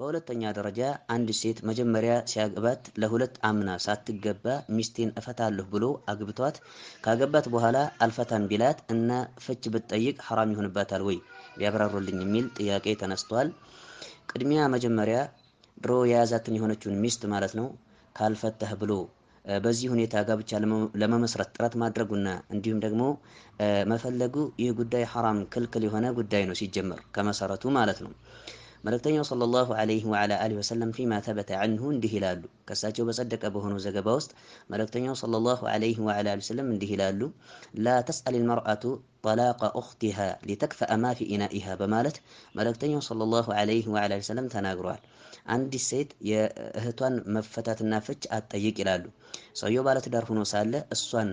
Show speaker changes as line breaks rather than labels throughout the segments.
በሁለተኛ ደረጃ አንድ ሴት መጀመሪያ ሲያገባት ለሁለት አምና ሳትገባ ሚስቴን እፈታለሁ ብሎ አግብቷት ካገባት በኋላ አልፈታን ቢላት እና ፍች ብትጠይቅ ሐራም ይሆንባታል ወይ? ቢያብራሩልኝ የሚል ጥያቄ ተነስቷል። ቅድሚያ መጀመሪያ ድሮ የያዛትን የሆነችውን ሚስት ማለት ነው ካልፈተህ ብሎ በዚህ ሁኔታ ጋብቻ ለመመስረት ጥረት ማድረጉና እንዲሁም ደግሞ መፈለጉ ይህ ጉዳይ ሐራም ክልክል የሆነ ጉዳይ ነው ሲጀመር ከመሰረቱ ማለት ነው። መልእክተኛው ሰለላሁ ዐለይሂ ወዐላ አሊሂ ወሰለም ፊማ ተበተ አንሁ እንዲህ ይላሉ። ከእሳቸው በጸደቀ በሆነው ዘገባ ውስጥ መልእክተኛው ሰለላሁ ዐለይሂ ወዐላ አሊሂ ወሰለም እንዲህ ይላሉ ላ ተስአል ልመርአቱ ጠላቀ ኡኽቲሃ ሊተክፈአ ማ ኢናኢሃ በማለት መልእክተኛው ሰለላሁ ዐለይሂ ወዐለይሂ ወሰለም ተናግረዋል። አንዲት ሴት የእህቷን መፈታትና ፍች አትጠይቅ ይላሉ። ሰውየው ባለትዳር ሆኖ ሳለ እሷን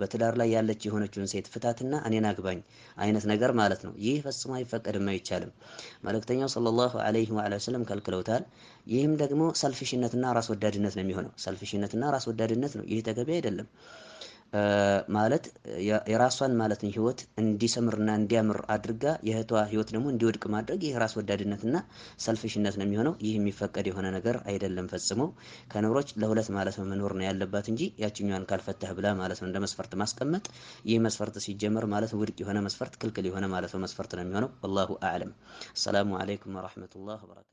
በትዳር ላይ ያለች የሆነችውን ሴት ፍታትና እኔን አግባኝ አይነት ነገር ማለት ነው። ይህ ፈጽሞ አይፈቀድም፣ አይቻልም። መልእክተኛው ሰለላሁ ዐለይሂ ወሰለም ከልክለውታል። ይህም ደግሞ ሰልፊሽነትና ራስ ወዳድነት ነው የሚሆነው። ሰልፊሽነትና ራስ ወዳድነት ነው። ይህ ተገቢ አይደለም። ማለት የራሷን ማለትን ህይወት እንዲሰምርና እንዲያምር አድርጋ የእህቷ ህይወት ደግሞ እንዲወድቅ ማድረግ ይህ ራስ ወዳድነትና ሰልፍሽነት ነው የሚሆነው። ይህ የሚፈቀድ የሆነ ነገር አይደለም ፈጽሞ። ከነብሮች ለሁለት ማለት ነው መኖር ነው ያለባት እንጂ ያችኛዋን ካልፈታህ ብላ ማለት ነው እንደ መስፈርት ማስቀመጥ። ይህ መስፈርት ሲጀመር ማለት ውድቅ የሆነ መስፈርት፣ ክልክል የሆነ ማለት ነው መስፈርት ነው የሚሆነው። ወላሁ አዕለም። አሰላሙ አለይኩም ወረህመቱላህ ወበረካቱ።